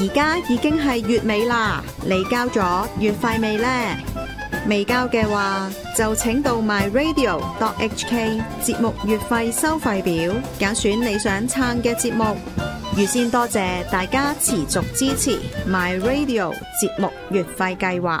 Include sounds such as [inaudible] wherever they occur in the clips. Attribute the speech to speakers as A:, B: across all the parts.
A: 而家已經係月尾啦，你交咗月費未呢？未交嘅話，就請到 My Radio dot HK 節目月費收費表，揀選你想撐嘅節目。預先多謝大家持續支持 My Radio 節目月費計劃。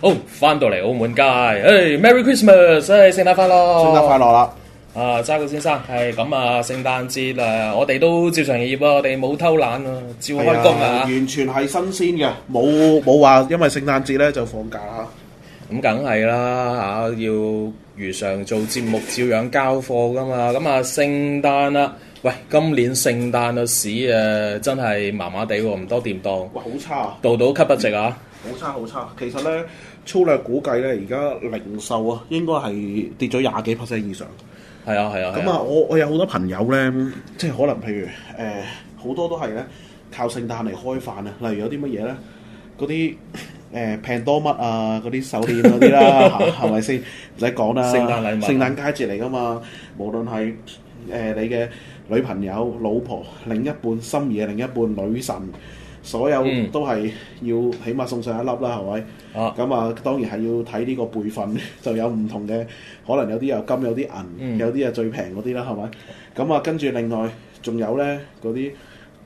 A: 好，翻到嚟澳門街，誒，Hey，Merry Christmas，誒，聖誕快樂，聖誕快樂啦！啊，渣古先生，係咁啊！聖誕節啊，我哋都照常營業喎、啊，我哋冇偷懶啊，照開工啊,啊！
B: 完全係新鮮嘅，冇
A: 冇話因為聖誕節咧就放假、嗯、啦。咁梗係啦嚇，要如常做節目，照樣交貨噶嘛。咁、嗯、啊，聖誕啦、啊，喂，今年聖誕嘅市誒真係麻麻地喎，唔多掂當。哇！好差啊！度到吸不值啊！好、
B: 嗯、差好差，其實咧粗略估計咧，而家零售啊應該係跌咗廿幾 percent 以上。係啊係啊，咁啊，啊我我有好多朋友咧，即係可能譬如誒好、呃、多都係咧靠聖誕嚟開飯啊，例如有啲乜嘢咧，嗰啲誒 Pandora 啊嗰啲手鏈嗰啲啦，係咪先唔使講啦？聖誕禮物，聖誕佳節嚟噶嘛，無論係誒你嘅女朋友、老婆、另一半、心儀嘅另一半、女神。所有都係要起碼送上一粒啦，係咪？咁啊，當然係要睇呢個輩份，就有唔同嘅，可能有啲有金，有啲銀，嗯、有啲啊最平嗰啲啦，係咪？咁啊，跟住另外仲有咧嗰啲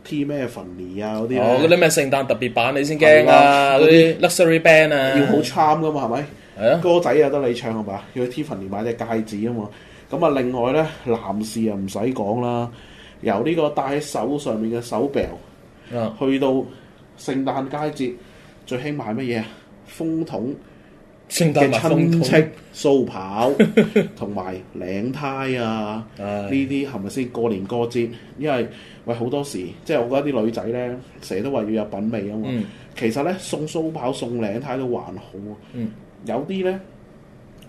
B: T 咩 Fendi 啊嗰啲嗰啲
A: 咩聖誕特別版你先驚啦，嗰啲、啊、嗰啲
B: luxury band 啊，要好 charm 㗎嘛，係咪？係啊，歌仔又得你唱係咪？要去 Tiffany 買隻戒指啊嘛，咁啊另外咧男士啊唔使講啦，由呢個戴喺手上面嘅手錶。去到聖誕佳節最興買乜嘢啊？風筒親
A: 戚、聖誕買風筒、
B: 掃把同埋領呔啊！呢啲係咪先過年過節？因為喂好多時，即係我覺得啲女仔咧，成日都話要有品味啊嘛。嗯、其實咧，送掃把、送領呔都還好、啊。嗯、有啲咧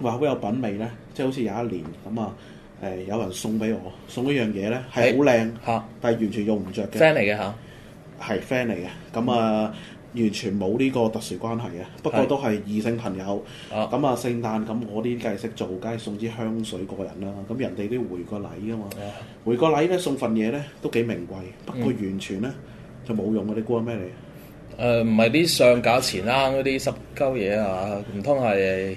B: 話好有品味咧，即係好似有一年咁啊！誒、呃，有人送俾我，送一樣嘢咧係好靚嚇，但係完全用唔着嘅。嚟嘅嚇。啊係 friend 嚟嘅，咁啊完全冇呢個特殊關係嘅，不過都係異性朋友。咁的啊聖誕，咁我啲梗係識做，梗係送支香水過人啦、啊。咁人哋啲回個禮噶嘛，的回個禮咧送份嘢咧都幾
A: 名貴，不過完全咧、嗯、就冇用嘅。你估係咩嚟？誒唔係啲上架錢啱嗰啲濕鳩嘢啊？唔通係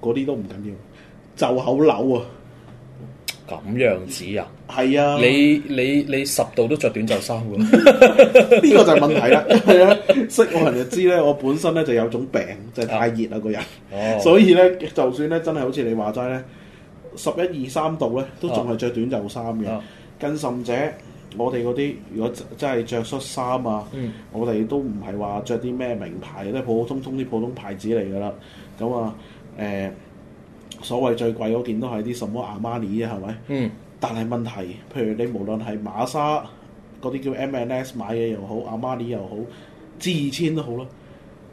A: 嗰啲都唔緊要緊，就口柳啊！咁樣子啊，係啊，你你你十度都着短袖衫嘅，呢 [laughs] [laughs] 個就係問題啦。係啊，識 [laughs] 我人就知咧，我本
B: 身咧就有種病，就係、是、太熱啦個人，啊、所以咧就算咧真係好似你話齋咧十一二三度咧，都仲係着短袖衫嘅。更、啊、甚者，我哋嗰啲如果真係着恤衫啊，嗯、我哋都唔係話着啲咩名牌，都普普通通啲普通牌子嚟噶啦。咁啊，誒。所謂最貴嗰件都係啲什麼阿瑪尼啫，係咪？嗯。但係問題，譬如你無論係馬莎嗰啲叫 M&S 買嘢又好，阿瑪尼又好，G2000 都好啦，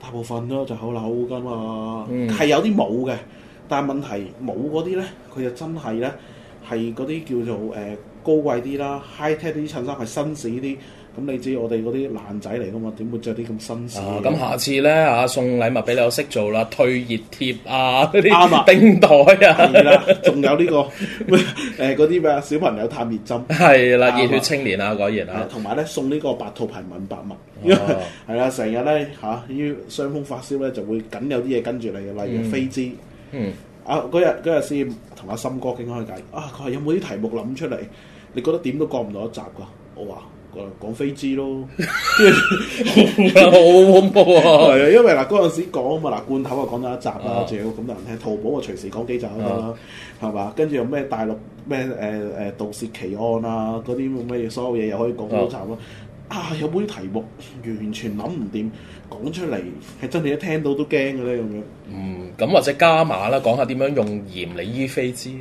B: 大部分都就好流㗎嘛。嗯。係有啲冇嘅，但係問題冇嗰啲咧，佢就真係咧係嗰啲叫做誒、呃、高貴啲啦，high tech 啲襯衫係紳士啲。咁你知我哋嗰啲爛仔嚟噶嘛？點會着啲咁新鮮？啊！咁下
A: 次咧嚇送禮物俾你，我識做啦，退熱貼啊，嗰啲冰袋啊，仲了 [laughs] 有呢、呢個
B: 誒嗰啲咩小朋友探熱針，
A: 係啦了，了熱血青年啊果
B: 然啊、哦， [laughs] 啊，同埋咧送呢個白兔牌敏白物，因為係啦，成日咧嚇要傷風發燒咧就會緊有啲嘢跟住你，例如飛滋、嗯。嗯。啊！嗰日嗰日先同阿森哥傾開偈，啊，佢話有冇啲題目諗出嚟？你覺得點都過唔到一集噶？我話。講飛枝咯，好恐怖啊！係啊，因為嗱嗰陣時講嘛，嗱，罐頭啊講咗一集啦，仲有咁多人聽，淘寶啊隨時講幾集啦，係嘛？啊？跟住有咩大陸咩誒誒盜竊奇案啊，嗰啲咩所有嘢又可以講多集咯！啊，有冇啲題目完全諗唔掂，講出嚟係
A: 真係一聽到都驚嘅咧，咁樣。嗯，咁或者加碼啦，講下點樣用鹽嚟醫飛枝。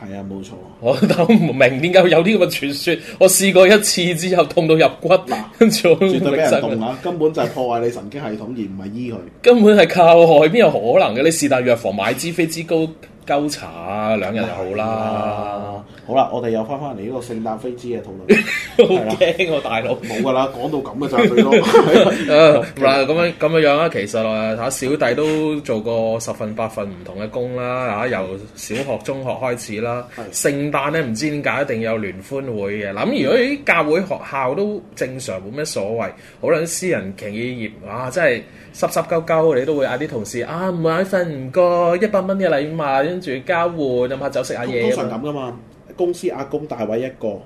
A: 係啊，冇錯。 [laughs] 我都唔明點解會有呢個傳說。我試過一次之後痛到入骨啦，跟
B: 住我絕對咩痛啊！ [laughs] 根本就係破壞你神經系統而唔係
A: 醫佢。 [laughs] 根本係靠害，邊有可能嘅？你是但藥房買支飛脂膏鳩搽啊，兩日就好啦。 [laughs] [laughs] [laughs] [laughs] [laughs] 好啦，我哋又翻翻嚟呢個聖誕飛枝嘅討論，好驚喎大佬！冇㗎啦，講到
B: 咁嘅就
A: 係最多。嗱咁樣咁樣樣啦，其實啊，小弟都做過十份八份唔同嘅工啦，嚇、啊、由小學、中學開始啦。 [laughs] 聖誕咧，唔知點解一,一定有聯歡會嘅。諗、啊、如果啲教會學校都正常，冇咩所謂。好啦，私人企業業，真係濕濕鳩鳩，你都會嗌啲同事啊，每一份唔過一百蚊嘅禮物，跟住交換飲下酒食下嘢，咁㗎、嗯、嘛。 [laughs]
B: 公司阿公大位一個，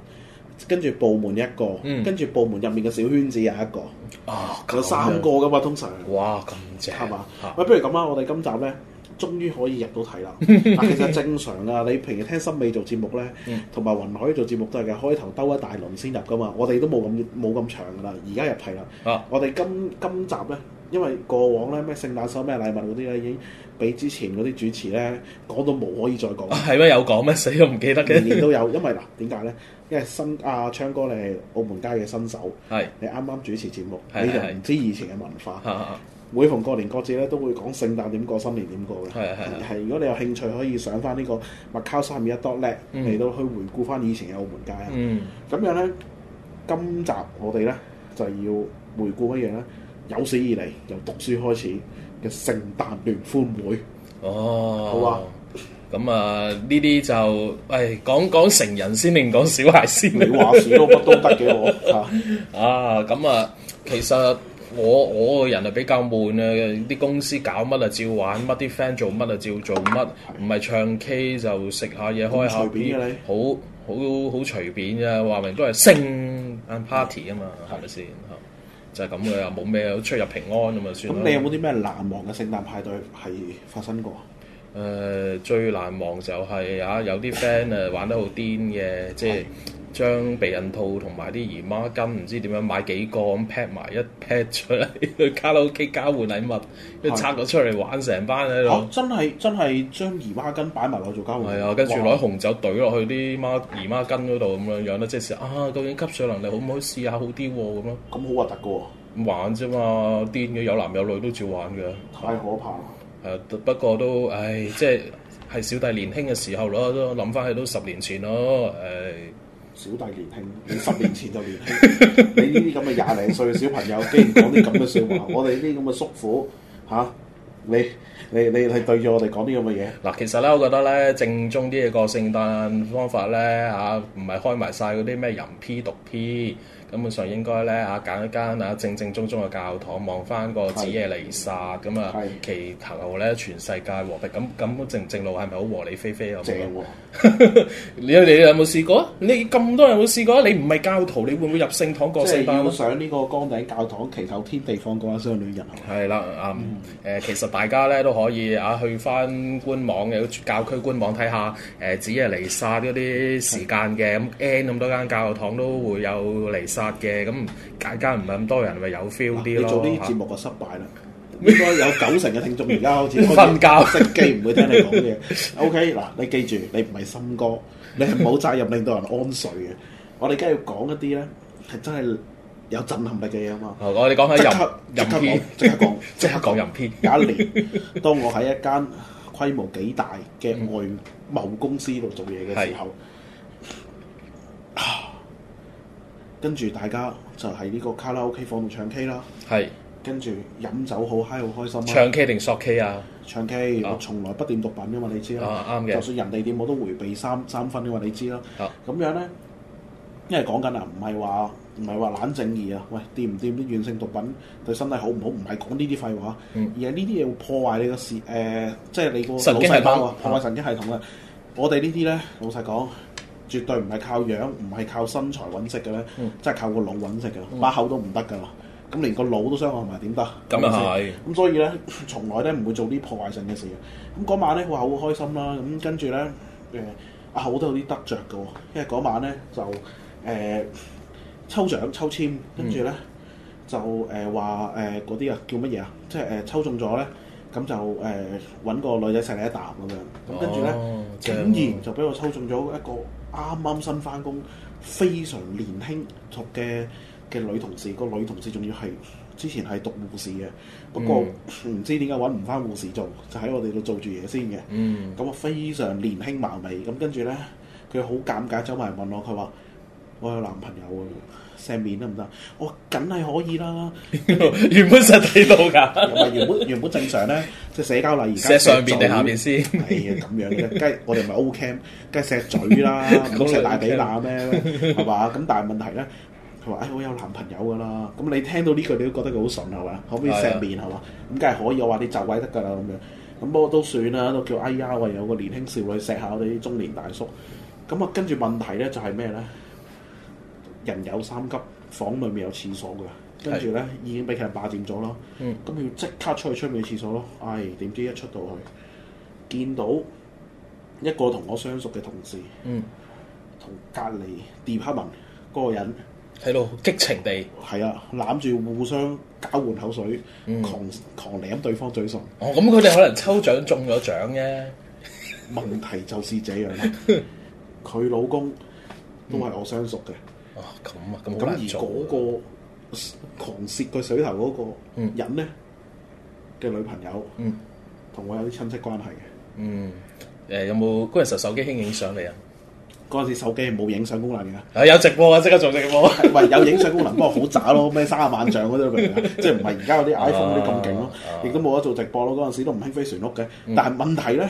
B: 跟住部門一個，嗯、跟住部門入面嘅小圈子又一個，啊，有三個㗎嘛、啊、通常。哇，咁正係嘛？喂吧，啊、不如咁啊，我哋今集咧。終於可以入到題啦！其實正常啊，你平日聽森美做節目咧，同埋 [laughs] 雲海做節目都係嘅。開頭兜一大輪先入噶嘛，我哋都冇咁冇咁長噶啦。而家入題啦，啊、我哋今今集咧，因為過往咧咩聖誕收咩禮物嗰啲咧，已經畀之前嗰啲主持咧講到冇可以再講。
A: 係咩、啊、有講咩？死都唔記得嘅。年年都
B: 有，因為嗱點解咧？因為新阿鏘、啊、哥你係澳門街嘅新手，係是你啱啱主持節目，你就唔知以前嘅文化。每逢過年過節咧，都會講聖誕點過，新年點過嘅。係係係，如果你有興趣，可以上翻呢個 macaufamilydotnet 嚟到去回顧翻以前嘅澳門街啊。咁樣咧，今集我哋咧就要回顧一樣咧，有史以嚟由讀書開
A: 始嘅聖誕聯歡會。哦，好啊。咁啊，呢啲就誒講講成人先定講小孩先，你話少多乜都得嘅喎啊。啊，咁啊，其實。我我個人啊比較悶啊，啲公司搞乜啊照玩，乜啲 friend 做乜啊照做乜，唔係的唱 K 就食下嘢，隨便啊、開下你好好好好隨便嘅，話明都係聖 party 啊嘛，係咪先？嚇就係咁嘅，又冇咩出入平安咁嘛。算啦。你有冇啲咩難忘嘅聖誕派對係發生過？誒、呃、最難忘就係、是、啊有啲 friend 誒玩得好癲嘅，即係。將避孕套同埋啲姨媽巾唔知點樣買幾個咁劈埋一劈出嚟去卡拉 OK 交換禮物，跟住拆咗出嚟玩成班喺度、啊。真係真係將姨媽巾擺埋落做交換，係啊，跟住攞紅酒懟落去啲媽姨媽巾嗰度咁樣樣啦，即係啊，究竟吸水能力可唔可以試下好啲喎咁咯？咁好核突嘅喎，玩啫嘛，癲咗，有男有女都照玩嘅。太可怕啦！係啊，不過都唉，即係係小弟年輕嘅時候咯，諗翻起都十年前咯，誒。小弟年輕，你十年前就年輕， [laughs] 你呢啲咁嘅廿零歲嘅小朋友，竟
B: 然講啲咁嘅笑話， [laughs] 我哋呢啲咁嘅叔父，嚇、啊、你你你係對住我哋講啲咁嘅嘢？
A: 嗱，其實咧，我覺得咧，正宗啲嘅過聖誕方法咧，嚇唔係開埋晒嗰啲咩淫 P、毒 P。根本上應該咧嚇揀一間嚇正正宗宗嘅教堂，望翻個子夜彌撒咁啊，祈禱咧全世界和平。咁咁正正路係咪好和理非非啊？正和你有冇試過？你咁多人有冇試過？你唔係教徒，你會唔會入聖堂過聖誕啊？想呢個崗頂教堂祈禱，天地放過一雙戀人。係啦，啱、嗯、誒，嗯、其實大家咧都可以嚇、啊、去翻官網有教區官網睇下誒子夜彌撒嗰啲時間嘅咁 N 咁多間教堂都會有彌撒。嘅咁，間間唔係咁多人，咪有 feel 啲咯。做啲節目個失敗啦，應該有九成嘅聽眾而家好似瞓覺，熄機唔會聽你講嘢。OK 嗱，你記住，
B: 你唔係心哥，你係冇責任令到人安睡嘅。我哋梗係要講一啲咧，係真係有震撼力嘅嘢啊嘛。我哋講緊入入片，即刻講，即刻講入片。有一年，當我喺一間規模幾大嘅外貿公司度做嘢嘅時候。跟住大家就喺呢個卡拉 OK 房度唱 K 啦，係跟住飲酒好嗨好開心。唱 K 定索 K 啊？唱 K，我從來不掂毒品噶嘛，你知啦。啊，啱嘅。就算人哋掂，我都迴避三三分噶嘛，你知啦。啊，咁樣咧，因為講緊啊，唔係話，唔係話懶正義啊。喂，掂唔掂啲軟性毒品對身體好唔好？唔係講呢啲廢話，而係呢啲嘢會破壞你個腦細胞，即係你個神經系統啊，破壞神經系統啊。我哋呢啲咧，老實講。絕對唔係靠樣，唔係靠身材揾食嘅咧，嗯、即係靠個腦揾食嘅，把、嗯、口都唔得㗎喎。咁連個腦都傷害埋點得？咁係。咁是、嗯、所以咧，從來咧唔會做啲破壞性嘅事。咁、那、嗰、個、晚咧，我係好開心啦。咁跟住咧，誒、呃、啊，我都有啲得着嘅喎，因為嗰晚咧就誒、呃、抽獎抽籤，跟住咧、嗯、就誒話誒嗰啲啊叫乜嘢啊？即係誒抽中咗咧。咁就誒揾，呃、個女仔錫你一啖咁樣，咁跟住咧，oh, 竟然就俾我抽中咗一個啱啱新翻工、非常年輕讀嘅嘅女同事。個女同事仲要係之前係讀護士嘅，不過唔知點解揾唔翻護士做，就喺我哋度做住嘢先嘅。咁啊，非常年輕貌美。咁跟住咧，佢好尷尬，走埋問我，佢話我有男朋友錫面得唔得？我梗係可以啦， [laughs] 原本實睇到㗎，原本原本正常咧，即係 [laughs] 社交啦。 [laughs] 而家錫上邊定下邊先？哎呀，咁樣嘅，梗係我哋咪 O k m 梗係錫嘴啦，唔通錫大髀腩咩？係嘛？咁但係問題咧，佢話：哎，我有男朋友㗎啦。咁你聽到呢句，你都覺得佢好順係嘛？可唔可以錫面係嘛？咁梗係可以，我話你就位得㗎啦，咁樣，咁不過都算啦，都叫哎呀，喂，有個年輕少女錫下我哋啲中年大叔。咁啊，跟住問題咧就係咩咧？人有三急，房裏面有廁所㗎，跟住咧已經俾佢霸佔咗咯。咁佢要即刻出去出面廁所咯。唉，點知一出到去，見到一個同我相熟嘅同事，
A: 嗯，
B: 同隔離 department 嗰個人喺度激情地，係啊，攬住互相交換口水，狂狂舐對方嘴唇。哦，咁佢哋可能抽獎中咗獎啫。問題就是這樣，佢老公都係我相熟嘅。咁啊，咁咁而嗰個狂泄個水頭嗰個人咧嘅女朋友，嗯，同我有啲親戚關係嘅，嗯，誒，有冇嗰陣時手機興影相嚟啊？嗰陣時手機冇影相功能嘅。
A: 啊有直播啊，即刻做直播，喂，有影相功能，不過好渣咯，咩
B: 三十萬像嗰啲嚟噶，即係唔係而家嗰啲 iPhone 嗰啲咁勁咯，亦都冇得做直播咯，嗰陣時都唔興飛船屋嘅，但係問題咧。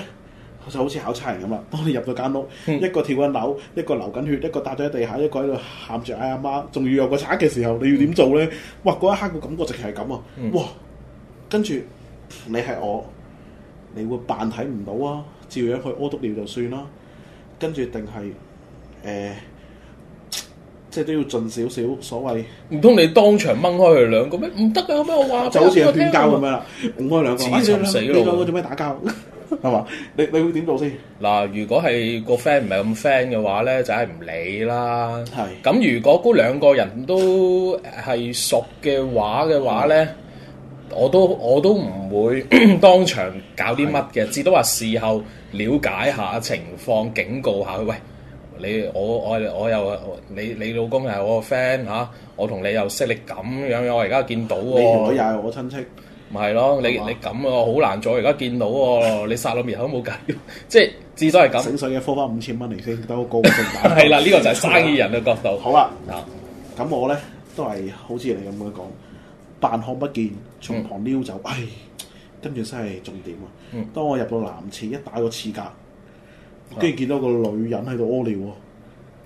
B: 就好似考差人咁啦，當你入到間屋，一個跳緊樓，一個流緊血，一個打咗喺地下，一個喺度喊住嗌阿媽，仲要有個賊嘅時候，你要點做咧？嗯、哇！嗰一刻個感覺直係咁啊！嗯、哇！跟住你係我，你會扮睇唔到啊，照樣去屙督尿就算啦、
A: 啊。跟住定係誒，即係都要盡少少所謂。唔通你當場掹開佢兩個咩？唔得嘅咩？我話就好似有打交咁樣啦，掹、嗯嗯、開兩個死啦！你兩個做咩打交？係嘛？你你會點做先？嗱，如果係個 friend 唔係咁 friend 嘅話咧，就係唔理啦。係的。咁如果嗰兩個人都係熟嘅話嘅話咧的，我都我都唔會 [coughs] 當場搞啲乜嘅，至多話事後了解下情況，警告下佢。喂，你我我我又你你老公係我個 friend 吓，我同你又識你咁樣樣，我而家見到、啊、你同佢又係我親戚。咪係咯，吧你你咁喎，好難做。而家見到喎、啊，你殺到面口都冇計，即係至少係咁。整水嘅，科翻五千蚊嚟先， [laughs] 的都高升。係啦，呢個就係生意人嘅角度。好啦，嗱，咁我
B: 咧都係好似你咁樣講，扮看不見，從旁溜走。唉，跟住真係重點啊！當我入到男廁，一打個廁格，跟住見到個女人喺度屙尿喎。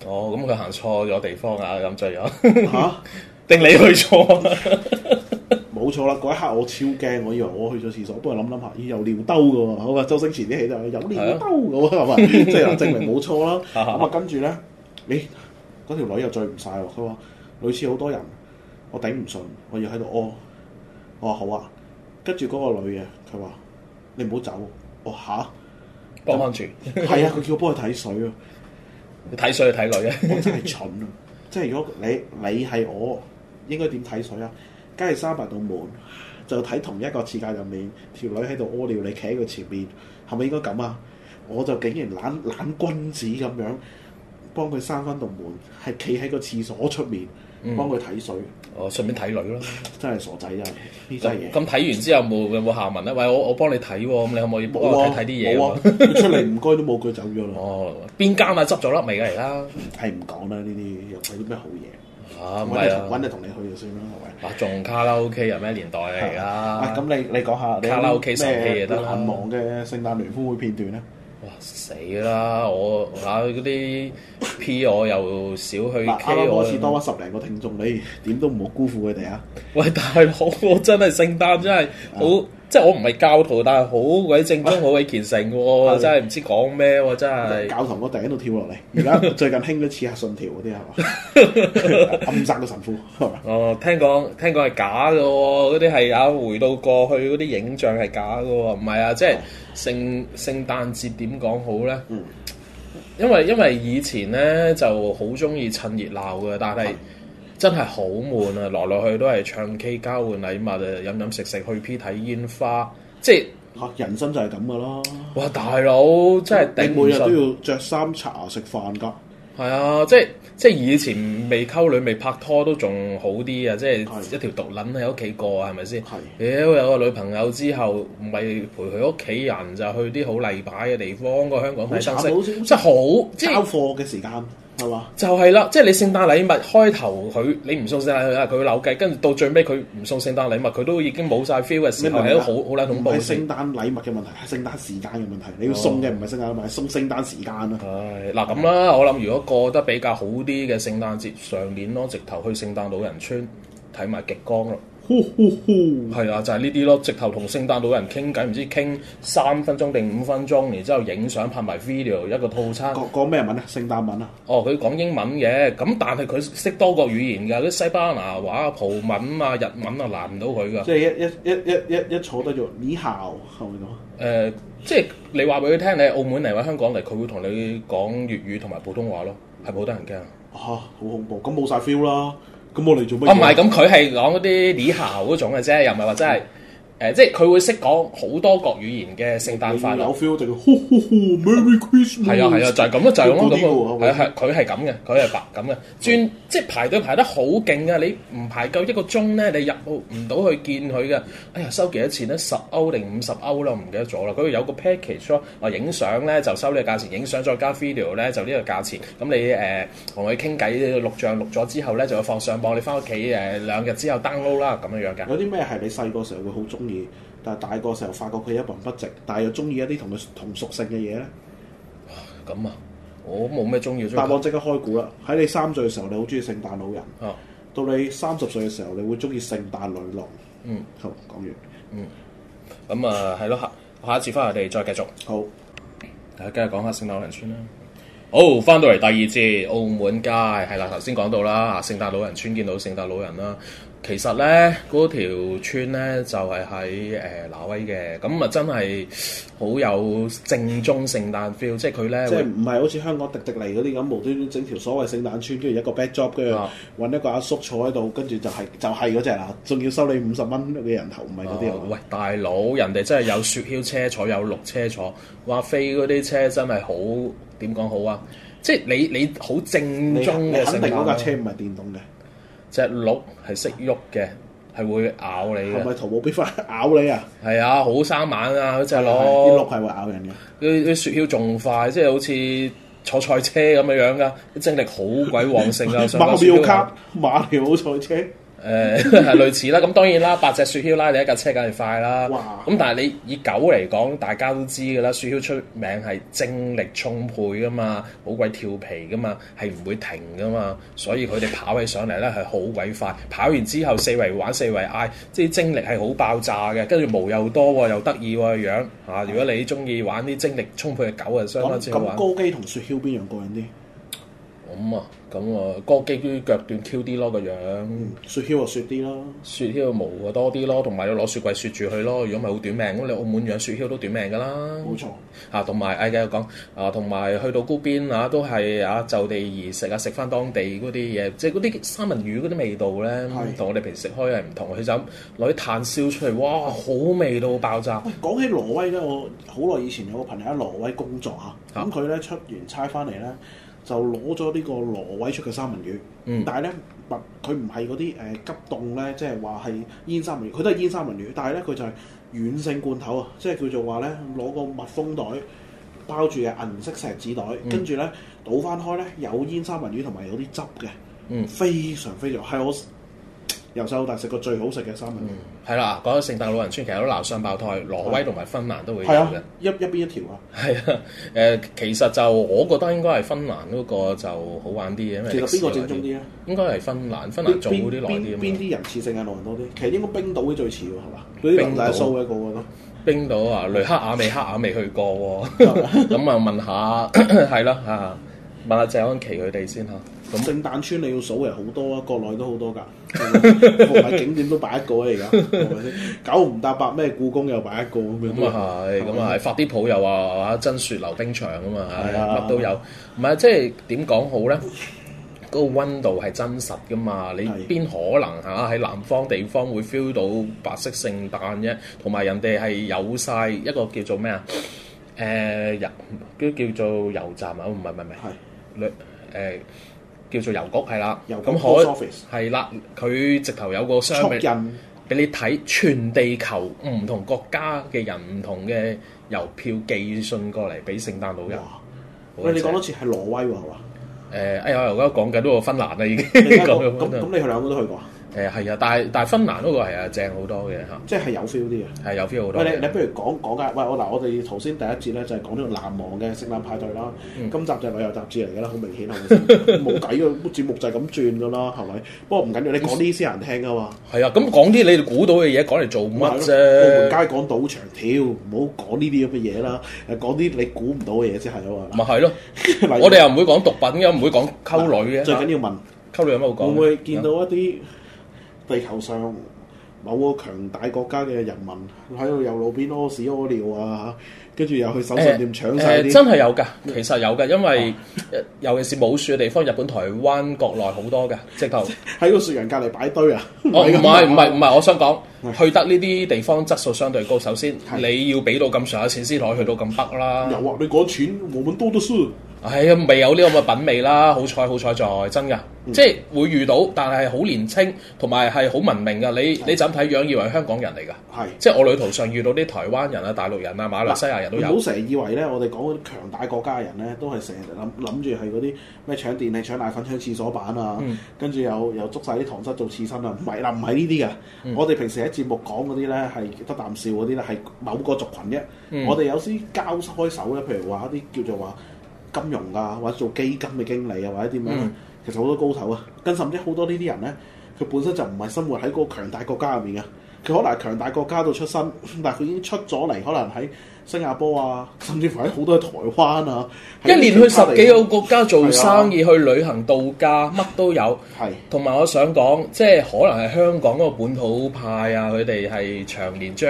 B: 哦，咁佢行錯咗地方啊，飲就有。嚇、啊？定你去錯？啊錯啦！嗰一刻我超驚，我以為我去咗廁所，不過諗諗下，咦、哎、又尿兜噶？好嘛？周星馳啲戲就係有尿兜咁係嘛，即係 [laughs] [laughs] 證明冇錯啦。咁啊， [laughs] 跟住咧，誒，嗰條女又醉唔晒喎。佢話類似好多人，我頂唔順，我要喺度屙。我話好啊，跟住嗰個女嘅，佢話你唔好走。我吓，
A: 幫安全係啊！佢漢、 [laughs] 啊、
B: 叫我幫佢睇水， [laughs] 水啊！你睇水去睇女啊！我真係蠢啊！即係如果你你係我，應該點睇水啊？ [laughs] [laughs] 梗係閂埋道門，就睇同一個廁格入面條女喺度屙尿，你企喺佢前面，係咪應該咁啊？我就竟然懶懶君子咁樣幫佢閂翻道門，係企喺個廁所出面幫
A: 佢睇水。哦、嗯呃，順便睇女咯， [laughs] 真係傻仔啊！呢啲嘢咁睇完之後有冇有冇下文咧？喂，我我幫你睇喎、啊，咁你可唔可以幫我睇睇啲嘢？出嚟
B: 唔該都冇，佢走咗啦。
A: [laughs] 哦，邊間啊？執咗粒未嚟啦。係唔講啦？呢啲又睇啲咩好嘢？哦，咪揾日同你去就算啦，喂、啊！哇，仲卡拉 OK 啊？咩年代嚟、啊、啦？唔係咁、啊，你你講下，卡拉 OK 世界難忘
B: 嘅聖誕聯歡會片段咧？
A: 哇死啦！我啊嗰啲 P 我又少去 K 我，卡拉 OK 嗰次多咗十零個聽眾，你點都唔好辜負佢哋啊！喂，大佬，我真係聖誕真係好～、啊即係我唔係教徒，但係好鬼正宗，好鬼、哎、虔誠喎的！真係唔知講咩喎，真係。教堂我突然喺度跳落嚟，而家最近興咗刺客信條嗰啲係嘛？暗殺個神父係嘛？哦，聽講聽講係假嘅喎，嗰啲係啊回到過去嗰啲影像係假嘅喎。唔係啊，即係聖的聖誕節點講好咧？嗯、因為因為以前咧就好中意趁熱鬧嘅，但係。嗯真係好悶啊！來來去去都係唱 K、交換禮物、啊、飲飲食食、去 P 睇煙花，即係吓人生就係咁嘅咯。哇！大佬，即係你每日都要着衫、擦牙、食飯㗎。係啊，即係即係以前未溝女、未拍拖都仲好啲啊！即係一條毒撚喺屋企過係咪先？係。有個女朋友之後，唔係陪佢屋企人就去啲好例牌嘅地方。個香港好新鮮，即係好交貨嘅時間。係嘛？就係啦，即係你聖誕禮物開頭佢你唔送聖誕禮物啦，佢扭計，跟住到最尾，佢唔送聖誕禮物，佢都已經冇晒 feel 嘅時候，都好好啦。恐怖，唔係聖誕禮物嘅問題，係聖誕時間嘅問題。你要送嘅唔係聖誕禮物，係送聖誕時間啊！唉、哎，嗱咁啦，嗯、我諗如果過得比較好啲嘅聖誕節，上年咯，直頭去聖誕老人村睇埋極光咯。呼呼呼，係 [laughs] 啊，就係呢啲咯，直頭同聖誕老人傾偈，唔知傾三分鐘定五分鐘，然之後影相拍埋 video 一個套餐。講講咩文啊？聖誕文啊？哦，佢講英文嘅，咁但係佢識多國語言㗎，啲西班牙話、葡文啊、日文啊，難唔到佢㗎。即係一一
B: 一一一一坐低咗，你
A: 好後面講？誒，即係你話俾佢聽，你係澳門嚟或者香港嚟，佢會同你講粵語同埋普通話咯，係冇得人驚。嚇、啊，好恐怖！咁冇晒 feel 啦。咁我哋做乜嘢？哦，唔係，咁佢係講嗰啲李校嗰種嘅啫，又唔係話真係。嗯誒，即係佢會識講好多國語言嘅聖誕快樂。我 feel 就叫 ho
B: ho ho merry Christmas。係啊係啊，就係咁啊，就係咁咯。係啊
A: 佢係咁嘅，佢係白咁嘅。轉、啊、即係排，排隊排得好勁啊！你唔排夠一個鐘咧，你入唔到去見佢嘅。哎呀，收幾多錢咧？十歐定五十歐啦，我唔記得咗啦。佢度有個 package 咯，影相咧就收呢、ah, [music] 個價錢，影相再加 video 咧就呢個價錢。咁你誒同佢傾偈錄像錄咗之後咧，就要放上網。你翻屋企誒兩日之後 download 啦，咁樣樣㗎。啲咩係你細個時候會好中意？但係大
B: 個時候發覺佢一文不值，但係又中意一啲同佢同屬性嘅嘢咧。
A: 咁啊，
B: 我冇咩中意。但我即刻開估啦！喺你三歲嘅時候，你好中意聖誕老人。哦、啊。到你三十歲嘅時候，你會中意聖誕女郎、嗯嗯。嗯。好，
A: 講完。嗯。咁啊，係咯，下一次翻嚟我哋再繼續。好，大家講。好。啊，今日講下聖誕老人村啦。好，翻到嚟第二節澳門街係啦，頭先講到啦，聖誕老人村見到聖誕老人啦。其實咧，嗰條村咧就係喺誒挪威嘅，咁、呃、啊真係好有正宗聖誕 feel，即係佢咧。即係唔係
B: 好似香港迪士尼嗰啲咁無端端整條所謂聖誕村，跟住一個 bad job 跟住嘅，話揾一個阿叔坐喺
A: 度，跟住就係、是、就係、是、嗰隻啦，仲要收你五十蚊嘅人頭咪嗰啲咯。喂，大佬，人哋真係有雪橇車坐，有綠車坐，話飛嗰啲車真係好點講，好啊！即係你你好正宗嘅聖誕。肯定嗰架車唔係電動嘅。隻鹿係識喐嘅，係會咬你嘅。係咪淘寶逼翻咬你啊？係啊，好生猛啊！嗰隻鹿啲、啊啊、鹿係會咬人嘅。啲雪橇仲快，即係好似坐賽車咁樣樣噶，精力好鬼旺盛啊！ [laughs] 馬票卡，馬嚟好賽車。誒係 [laughs] [laughs] 類似啦，咁當然啦，八隻雪橇拉你一架車梗係快啦。咁哇但係你以狗嚟講，大家都知㗎啦，雪橇出名係精力充沛噶嘛，好鬼跳皮噶嘛，係唔會停噶嘛，所以佢哋跑起上嚟咧係好鬼快，跑完之後四圍玩四圍嗌，即係精力係好爆炸嘅，跟住毛又多又得意嘅樣，啊、的如果你中意玩啲精力充沛嘅狗當，嗯、啊，相當之話咁哥基同雪橇邊樣過癮啲？咁啊。咁啊，歌姬啲腳短，Q 啲咯個樣。雪橇就雪啲咯，雪橇毛啊多啲咯，同埋要攞雪櫃雪住佢咯。如果唔係好短命，咁你澳門養雪橇都短命㗎啦。冇錯。嚇、啊，同埋繼續講，啊，同埋去到高邊、啊、都係啊就地而食啊，食翻當地嗰啲嘢，即係嗰啲三文魚嗰啲味道咧，同是我哋平時食開係唔同。佢就攞啲炭燒出嚟，哇，好味道爆炸！講起挪威咧，我好耐以前有個朋友喺挪威工作嚇，咁佢咧出完
B: 差翻嚟咧。就攞咗呢個挪威出嘅三文魚，咁、嗯、但係咧密，佢唔係嗰啲誒，急凍咧，即係話係煙三文魚，佢都係煙三文魚，但係咧佢就係軟性罐頭啊，即係叫做話咧攞個密封袋包住嘅銀色錫紙袋，跟住咧倒翻開咧有煙三文魚同埋有啲汁嘅，嗯、非常非常香。由細到大食過最好食嘅三文魚，
A: 係啦、嗯。講到聖誕老人村，其實都鬧雙胞胎，挪威同埋芬蘭都會有嘅。一一邊一條啊。係啊，誒、呃，其實就我覺得應該係芬蘭嗰個就好玩啲嘅，因為其實邊個正宗啲啊？應該係芬蘭，芬蘭做啲耐啲。邊啲人似聖誕啊？老人多啲？嗯、其實應該冰島會最似喎，係嘛？冰島收嘅個個都。冰島啊，雷克雅未克雅未去過喎、哦。咁啊， [laughs] [laughs] [laughs] 問下係啦嚇，問下謝安琪佢哋先嚇。
B: 咁聖誕村你要數嘅好多啊，國內都好多㗎，同埋景點都擺一個啊，而家係九唔搭八咩？故宮又擺一
A: 個咁、嗯、樣啊，係咁啊，係發啲抱又話嚇，真雪溜冰場啊嘛，係乜的、啊、都有。唔係即係點講好咧？嗰、那個溫度係真實噶嘛？你邊可能嚇喺、啊、南方地方會 feel 到白色聖誕啫？同埋人哋係有晒一個叫做咩啊？誒遊都叫做油站啊？唔係唔係唔係，係旅誒。叫做郵局係啦，咁局、嗯、可係啦，佢好了直頭有個商品印俾你睇，全地球唔同國家嘅人，唔同嘅郵票寄信過嚟俾聖誕老人。喂哇，你講多次係挪威喎，係嘛？誒、呃，哎呀，我而家講緊都個芬蘭啦，已經。咁 [laughs] 咁，你去兩個都去過。誒係啊，但係但係芬蘭嗰個係啊，正好多嘅嚇，即係有 feel 啲啊，係有 feel 好多、嗯。喂你，你
B: 不如講講下，喂我嗱，我哋頭先第一節咧就係講呢個難忘嘅聖誕派對啦，嗯、今集就係旅遊雜誌嚟㗎啦，好明顯係冇計嘅，節目就係咁轉㗎啦，係咪？不過唔緊要，你講呢啲先人聽㗎嘛。係啊，咁講啲你估到嘅嘢講嚟做乜啫？澳門街講賭場，
A: 跳，唔好講呢啲咁嘅嘢啦，誒講啲你估唔到嘅嘢先係啊，咪係咯，我哋又唔會講毒品嘅，唔會講溝女嘅。最緊要問溝女有乜好講？會唔會見到
B: 一啲？嗯地球上某個強大國家嘅人民喺度又路邊屙屎屙尿啊，跟住又去手信店搶曬啲。真係有
A: 㗎，其實有㗎，因為、啊、尤其是冇雪嘅地方，日本、台灣國內好多㗎，直頭喺個雪人隔離擺堆啊。啊哦，唔係唔係唔係，我想講、啊、去得呢啲地方質素相對高。首先是你要俾到咁上下錢先可以去到咁北啦。啊、又話你講錢，我揾多得疏。係啊，未有呢咁嘅品味啦！好彩好彩在真㗎，嗯、即係會遇到，但係好年青，同埋係好文明嘅。你的你淨睇樣以為香港人嚟㗎？係的即係我旅途上遇到啲台灣人啊、大陸人啊、馬來西亞人都有。唔好成日
B: 以為咧，我哋講嗰啲強大國家嘅人咧，都係成日諗諗住係嗰啲咩搶電器、搶奶粉、搶廁所板啊，嗯、跟住又又捉晒啲塘虱做刺身啊！唔係啦，唔係呢啲嘅。嗯、我哋平時喺節目講嗰啲咧係得啖笑嗰啲咧，係某個族群啫。嗯嗯、我哋有時交開手咧，譬如話一啲叫做話。金融啊，或者做基金嘅經理啊，或者點樣咧？嗯，其實好多高手啊，跟甚至好多呢啲人呢，佢本身就唔係生活喺嗰個強大國家入面啊。佢可能係強大國家度出身，但係佢已經出
A: 咗嚟，可能喺新加坡啊，甚至乎喺好多台灣啊，一年去十幾個國家做生意，啊，去旅行、度假，乜都有。係，同埋我想講，即係可能係香港嗰個本土派啊，佢哋係長年將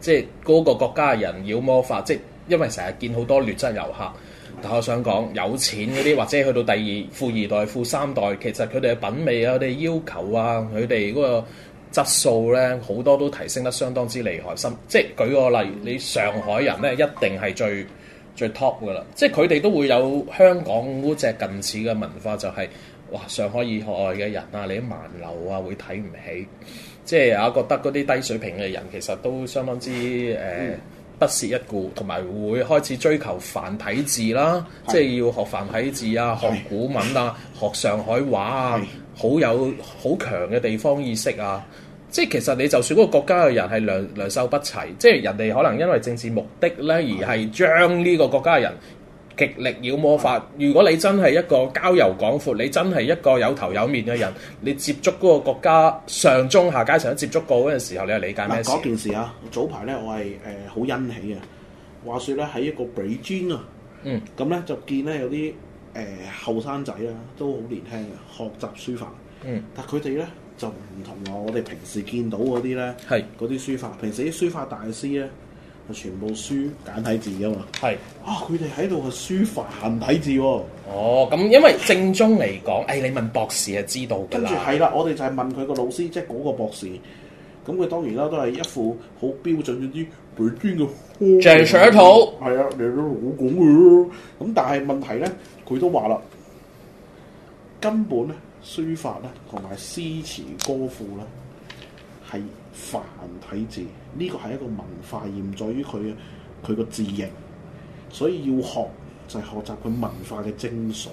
A: 即係嗰個國家嘅人妖魔法，即係因為成日見好多劣質遊客。但我想講，有錢嗰啲或者去到第二富二代、富三代，其實佢哋嘅品味啊、佢哋要求啊、佢哋嗰個質素咧，好多都提升得相當之厲害。深即係舉個例，你上海人咧，一定係最最 top 㗎啦。即係佢哋都會有香港嗰隻近似嘅文化，就係、是、哇，上海以外嘅人啊，你啲蠻流啊會睇唔起，即係我覺得嗰啲低水平嘅人其實都相當之誒。呃嗯不屑一顧，同埋會開始追求繁體字啦，的即係要學繁體字啊，的學古文啊，學上海話啊，的好有好強嘅地方意識啊！即係其實你就算嗰個國家嘅人係良良莠不齊，即係人哋可能因為政治目的咧，而係將呢個國家嘅人，極力妖魔法。如果你真係一個交遊廣闊，你真係一個有頭有面嘅人，你接觸嗰個國家上中下階層都接觸過嗰陣時候，你又理解咩？嗰件事啊，早排咧我係
B: 誒好欣喜啊，話說咧喺一個比尊啊，嗯，咁咧就見咧有啲誒後生仔啊，都好年輕嘅學習書法，嗯，但佢哋咧就唔同我哋平時見到嗰啲咧，係嗰啲書法，平時啲書法大師咧。
A: 全部書簡體字噶嘛？係是啊！佢哋喺度係書繁體字喎。哦，咁因為正宗嚟講，誒、哎、你問博士啊，知道嘅啦。跟住係啦，我哋就係
B: 問佢個老師，即係嗰個博士。咁佢當然啦，都係一副好標準啲古專嘅
A: 腔。張嘴吐，
B: 係啊、嗯，你都好講嘅。咁、嗯、但係問題咧，佢都話啦，根本咧書法咧同埋詩詞歌賦咧。係繁體字，呢個係一個文化，而唔在於佢嘅佢個字形。所以要學就係學習佢文化嘅精髓。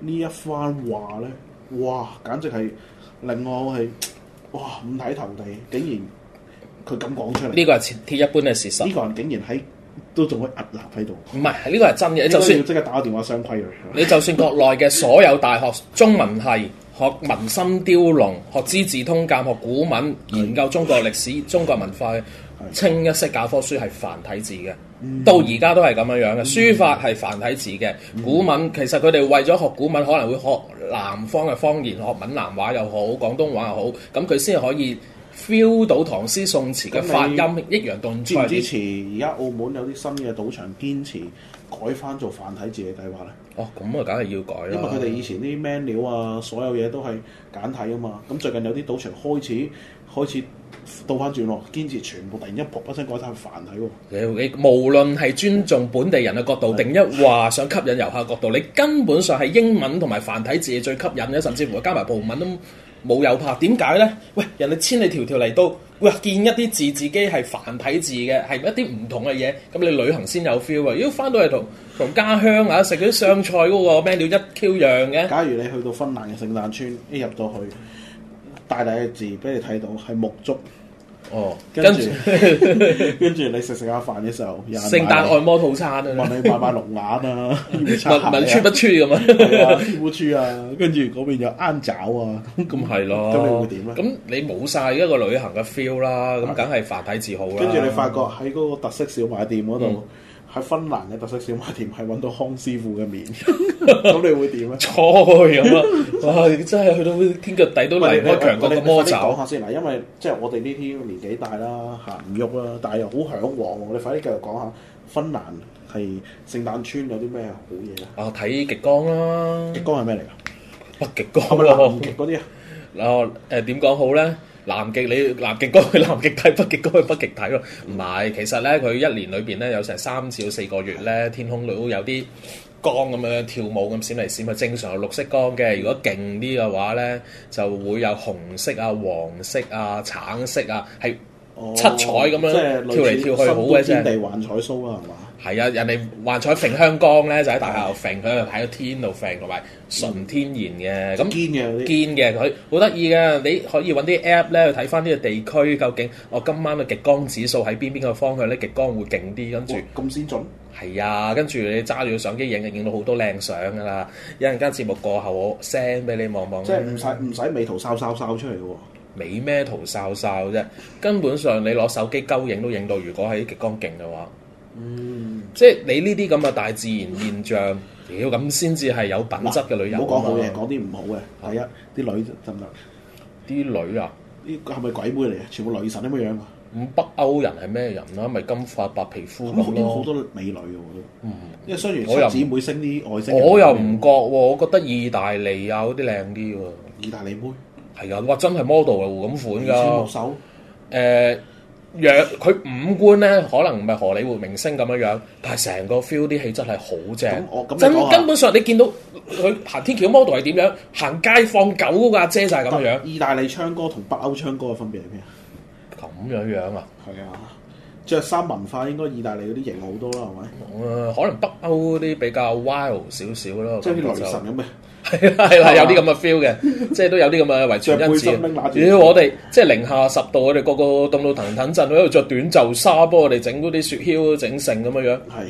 B: 呢一番話咧，哇，簡直係令我係哇五體投地，竟然佢咁講出嚟。呢個
A: 係鐵一般嘅事實。呢個人竟然喺都仲可以屹立喺度。唔係，呢個係真嘅。就算即刻打個電話上規，你就算國內嘅所有大學 [laughs] 中文系。學《文心雕龍》，學《資治通鑑》，學古文，研究中國歷史、中國文化嘅清一色教科書係繁體字嘅，嗯、到而家都係咁樣樣嘅，書法係繁體字嘅、嗯、古文，其實佢哋為咗學古文，可能會學南方嘅方言，學閩南話又好，廣東話又好，咁佢先可以。feel 到唐詩宋詞嘅發音你抑揚頓挫，支唔支持
B: 而家澳門有啲新嘅賭場堅持改翻做繁體字嘅計劃咧。哦，咁啊，梗係要改，因為佢哋以前啲 menu 啊，所有嘢都係簡體啊嘛。咁、嗯、最近有啲賭場開始開始倒翻轉囉，堅持全部突然一撲一聲改晒繁體
A: 喎。你無論係尊重本地人嘅角度，定一話想吸引遊客角度，你根本上係英文同埋繁體字最吸引啊，甚至乎加埋葡文都。冇有拍？點解咧？喂，人哋千里迢迢嚟到，喂，見一啲字，自己係繁體字嘅，係一啲唔同嘅嘢，咁你旅行先有 feel 啊！如果翻到嚟同同家鄉啊，食嗰啲湘菜嗰個咩料一 Q 一樣嘅。假如你去到芬蘭嘅聖誕村，一入到去，
B: 大大嘅字俾你睇到，係木竹。哦，跟住跟住你食食下飯嘅時候，聖誕按摩套餐啊，問你買唔買龍眼啊？文文串不出咁啊？串唔串啊？跟住嗰邊有啱爪啊！咁係咯，咁你會點啊？咁
A: 你冇晒一個旅行嘅 feel 啦，咁梗係繁體字好啦。跟住你發覺喺嗰
B: 個特色小賣店嗰度。喺芬蘭嘅特色小賣店，係揾到康師傅嘅麵，咁 [laughs] [laughs] 你會點咧？菜咁啊！
A: [laughs] 哇，真係去到天腳底都泥咧。長角講下先啦，因為
B: 即係我哋呢啲年紀大啦，行唔喐啦，但係又好嚮往我哋快啲繼續講下芬蘭係聖誕村有啲咩好嘢啊？啊，睇
A: 極光啦！極光係咩嚟噶？北極光咯，南極嗰啲啊？嗱，誒點講好咧？南極你，南極光去南極睇，北極光去北極睇咯。唔係，其實咧佢一年裏邊咧有成三至四個月咧，天空裏都有啲光咁樣跳舞咁閃嚟閃去。正常係綠色光嘅，如果勁啲嘅話咧，就會有紅色啊、黃色啊、橙色啊，係七彩咁樣、哦、即係跳嚟跳去，好嘅啫。
B: 幻彩 show 啊，係嘛？
A: 係啊，人哋幻彩揈香江咧，就喺、是、大廈度揈，佢喺度個天度揈，同埋純天然嘅，咁堅嘅嘅，佢好得意嘅。你可以揾啲 app 咧去睇翻呢個地區究竟，我、哦、今晚嘅極光指數喺邊邊個方向咧，極光會勁啲，跟住咁先準。係啊，跟住你揸住個相機影，就影到好多靚相噶啦。有陣間節目過後，我 send 俾你望望。即係唔使唔使美圖秀秀秀出嚟嘅喎，美咩圖秀秀啫？根本上你攞手機鳩影都影到，如果喺極光勁嘅話。嗯，即係你呢啲咁嘅大自然現象，妖咁先至係有品質嘅女人。唔好講好嘢，講啲唔好嘅。係啊，啲女得唔得？啲
B: 女啊，呢係咪鬼妹嚟啊？全部女神咁嘅樣啊！咁北歐人係咩人啊？咪金
A: 髮白皮膚咁咯。好多美女啊！我覺得，嗯，因為雖然我又姊妹星啲外星，我又唔覺喎。我覺得意大利啊啲靚啲喎。意大利妹係啊！哇，真係 model 啊，咁款㗎。手誒。若佢五官咧，可能唔係荷里活明星咁樣樣，但係成個 feel 啲氣質係好正，真根本上你見到佢行天橋 model 係點樣，行街放狗嗰個阿姐就係咁樣。意大利唱
B: 歌同北歐唱歌嘅分別係咩啊？咁樣樣啊？係啊。着衫文
A: 化應該意大利嗰啲型好多啦，係咪？誒、嗯，可能北歐嗰啲比較 wild 少少咯，即係啲雷神咁嘅，
B: 係啦係啦，有啲
A: 咁嘅 feel 嘅，即係都有啲咁嘅維持因子。屌我哋即係零下十度，我哋個個凍到騰騰震，喺度着短袖衫幫我哋整嗰啲雪橇整成咁嘅樣。
B: 係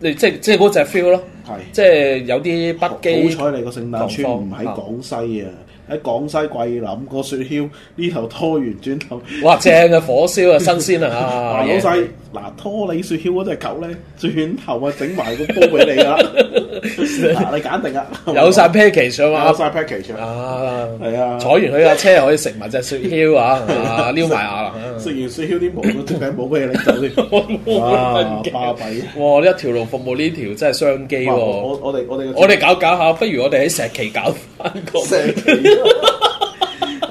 A: 你的即即嗰隻 feel 咯，係的即係有啲北京，好彩你
B: 個聖誕村唔喺廣西啊。嗯
A: 喺廣西桂林個雪橇
B: 呢頭拖完轉頭，哇正啊！火燒啊！新鮮啊！嗱，老細，嗱 Yeah. 拖你雪橇嗰隻狗咧，轉頭啊，整埋個煲俾你㗎啦～ [laughs] 嗱， [laughs] 你揀定 [laughs] [laughs] 啊！有晒
A: package 上啊，晒
B: package 啊，係 [laughs] 啊！坐完
A: 佢架車，又可以食埋隻雪橇啊，撩埋下啦！食完雪橇啲毛，仲有冇咩你走先？哇！巴閉！ [laughs] 哇！一條龍服務呢條真係商機喎、啊！ [laughs] 我哋我哋我哋搞搞下，不如我哋喺石岐搞翻個旗、啊。 [laughs]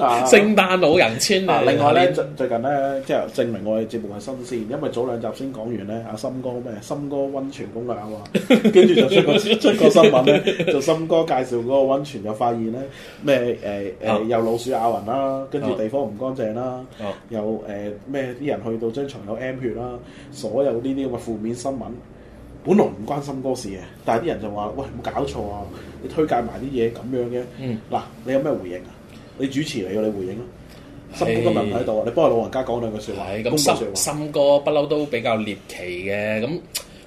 A: 啊、聖誕老人村啊！另外咧，
B: 呢最近咧即係證明我哋節目係新鮮，因為早兩集先講完咧，阿、啊、森哥咩森哥温泉攻略啊嘛，
A: 跟住 [laughs] 就出個 [laughs] 出個新聞咧，
B: 就森哥介紹嗰個温泉就發現咧咩誒誒，有老鼠咬痕啦，跟住地方唔乾淨啦，又誒咩啲人去到張牀有 M 血啦，所有呢啲咁嘅負面新聞，本來唔關森哥事嘅，但係啲人就話喂有冇搞錯啊？你推介埋啲嘢咁樣嘅，嗱你有咩回應啊？啊。你主持嚟嘅，你回應咯。
A: 森哥問題喺度，你幫佢老人家講兩句説話。咁森森哥不嬲都比較獵奇嘅，咁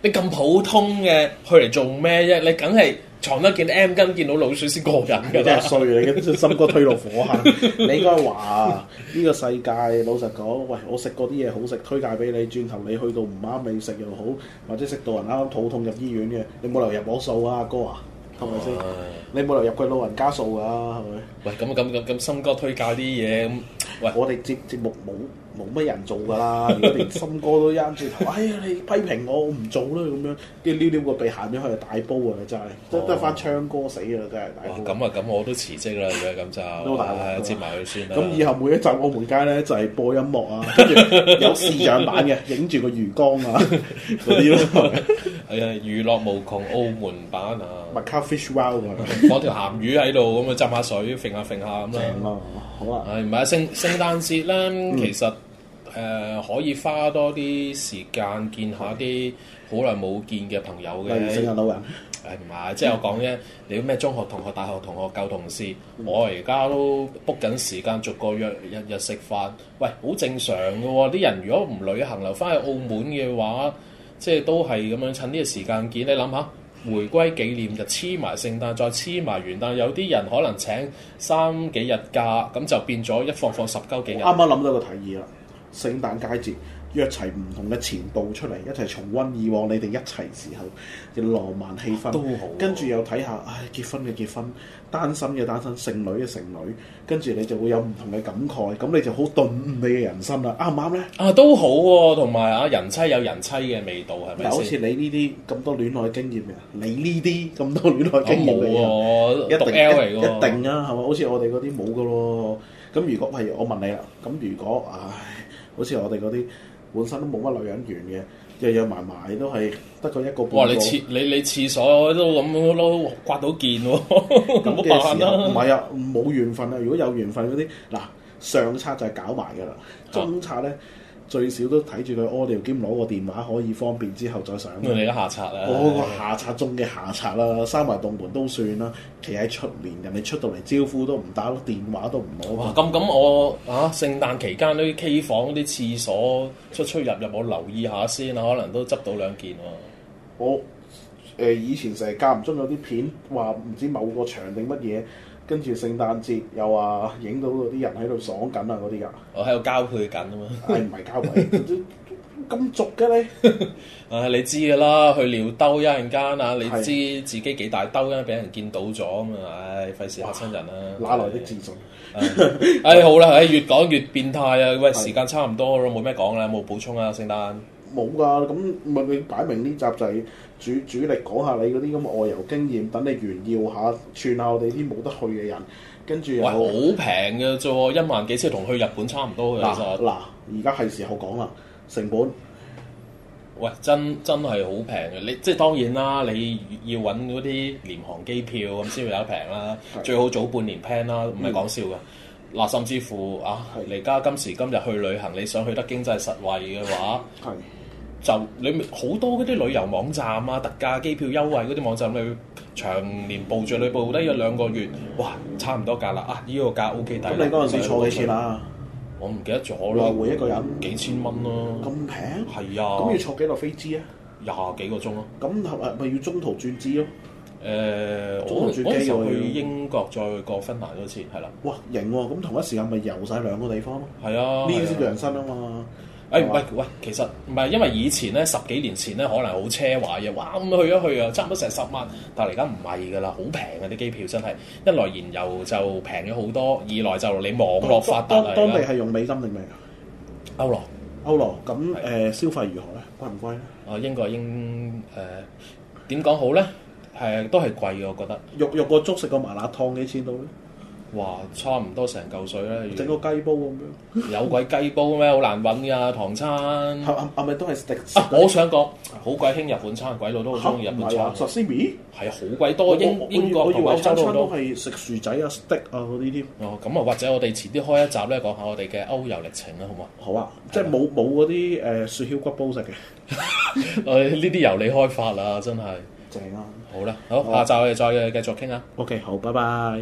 A: 你咁普通嘅去嚟做咩啫？你梗係藏得見 M 巾，見到老鼠先過癮嘅。真係衰啊！你啲森哥推落火坑。 [laughs] 你應該話
B: 呢、呢個世界老實講，喂，我食嗰啲嘢好食，推介俾你。轉頭你去到唔啱未食又好，或者食到人啱肚痛入醫院嘅，你冇留入我數啊，哥啊！係咪先？嗯
A: 嗯、你冇理由入佢老人家數噶，係咪、嗯？喂，咁咁咁咁，森哥推介啲嘢咁。喂，我哋節節目冇冇乜人做噶啦，如果連森哥都啱住頭，哎
B: 呀，你批評我，我唔做啦咁樣，跟住撩撩個鼻行咗去大煲啊！真係，都得翻唱歌
A: 死啊！真係大煲。咁啊、哦，咁我都辭職啦，咁就接埋佢算啦。咁以後
B: 每一集《澳門街呢》咧就係、是、播音樂啊，跟住有視像版嘅，
A: 影住個魚缸啊啲咯。 [laughs] 係啊，娛樂無窮，澳門版啊，麥烤 fish well，放條鹹魚喺度咁啊，浸下水，揈下揈下咁啊，好啊！誒唔係聖聖誕節咧，其實誒可以花多啲時間見下啲好耐冇見嘅朋友嘅，見下老人。誒唔係，即係我講啫，你咩中學同學、大學同學、舊同事，我而家都 book 緊時間，逐個約日日食飯。喂，好正常嘅喎，啲人如果唔旅行留翻去澳門嘅話。即係都係咁樣趁呢個時間見，你諗下，回歸紀念就黐埋聖誕，再黐埋元旦。有啲人可能請三幾日假，咁就變咗一放放十鳩幾日。啱啱諗
B: 到個提議啦，聖誕佳節。約齊唔同嘅前度出嚟，一齊重溫以往你哋一齊時候嘅浪漫氣氛，都好。跟住又睇下，唉，結婚嘅結婚，單身嘅單身，剩女嘅剩女，跟住你就會有唔同嘅感慨，咁你就好頓悟你嘅人生啦，啱唔啱咧？啊，都好
A: 喎，同埋啊，人妻有人妻嘅味道，係咪？好似
B: 你呢啲咁多戀愛經驗，你呢啲咁多戀愛經驗，我冇喎，一定 L 嚟㗎，一定啊，係咪？好似我哋嗰啲冇㗎喎。咁如果譬如我問你啦，咁如果唉，好似我哋嗰啲。本身都冇乜女人緣嘅，日日埋埋都係得個一個半個你廁
A: 你你廁所都咁都刮到件喎，啊，咁 [laughs] 嘅時候唔
B: 係啊，冇、啊、緣分啊！如果有緣分嗰啲，嗱，上策就係搞埋㗎啦，中策咧。啊最少都睇住佢屙尿兼攞個電話可以方便之後再上。我你嘅下
A: 策啊，我、哦、下
B: 策中嘅下策啦，閂埋洞門都算啦，企喺出面，人哋出到嚟招呼都唔打，電話都唔攞。
A: 咁咁我啊，聖誕期間啲 K 房啲廁所出出入入，我留意下先啊，可能都執到兩件喎。
B: 我誒、哦呃、以前成日間唔中有啲片話唔知某個場定乜嘢。跟住聖誕節又話影到嗰啲人喺度爽
A: 緊啊嗰啲噶，人我喺度交配緊啊嘛，唉唔係交配，
B: 咁俗嘅你，
A: 啊你知㗎啦，去撩兜一陣間啊，你知，你知自己幾大兜啊，俾人見到咗咁、哎、啊，唉費事嚇親人啦，哪來的自信，唉是、 [laughs] 哎、好啦，唉越講越變態啊，喂時間差唔多咯，冇咩講啦，有冇補充啊，聖誕冇噶，
B: 咁咪佢擺明呢集就係、是。主主力講下你嗰啲咁外遊經驗，等你炫耀下，串下我哋啲冇得去嘅人，跟住又好平
A: 嘅啫喎，一萬幾千同去日本差唔多嘅。嗱嗱，而家係時候講啦，成本。喂，真真係好平嘅，你即係當然啦，你要揾嗰啲廉航機票咁先會有得平啦，係最好早半年 plan 啦，唔係講笑㗎。嗱、嗯啊，甚至乎啊，嚟家係今時今日去旅行，你想去得經濟實惠嘅話，係。就裡面好多嗰啲旅遊網站啊、特價機票優惠嗰啲網站，你長年報住，你報低一兩個月，哇，差唔多價啦啊！呢個價 O K。咁你嗰陣時坐幾錢啊？我唔記得咗
B: 啦。回一個人幾千蚊咯。咁平？係啊。咁要坐幾多飛機啊？廿幾個鐘咯。咁係咪要中途轉機咯？誒，我嗰陣去英國再過芬蘭嗰次，係啦。哇，型喎！咁同一時間咪遊晒兩個地方咯。
A: 係啊，呢樣先叫人生啊嘛。哎，唔係，喂，其實唔係，因為以前咧，十幾年前咧，可能好奢華嘅。哇，咁去一去啊，差唔多成十萬。但係而家唔係㗎喇，好平啊，啲機票真，真係一來燃油就平咗好多，二來就你網絡發達啦。當地係
B: 用美金定咩啊？歐羅，歐羅。咁誒，的消費如何咧？
A: 貴唔貴咧？啊，英國英誒點講好咧？係、呃、都係貴嘅，我覺得。肉肉個粥，食個麻辣燙，幾錢都。哇，差唔多成嚿水咧，整個雞煲咁樣，有鬼雞煲咩？好難揾噶，唐餐係咪都係 stick？我想講好鬼興日本餐，鬼佬都好中意日本餐，壽司咪係啊，好鬼多英英國，我以為餐餐都係食薯仔啊、stick 啊嗰啲添。哦，咁啊，或者我哋遲啲開一集咧，講下我哋嘅歐遊歷程啦，好嘛？好啊，
B: 即係冇冇嗰啲誒雪橇骨煲食嘅，
A: 誒呢啲由你開發啦，真係正啊！好啦，好下集我哋再繼續傾啊。OK，好，拜拜。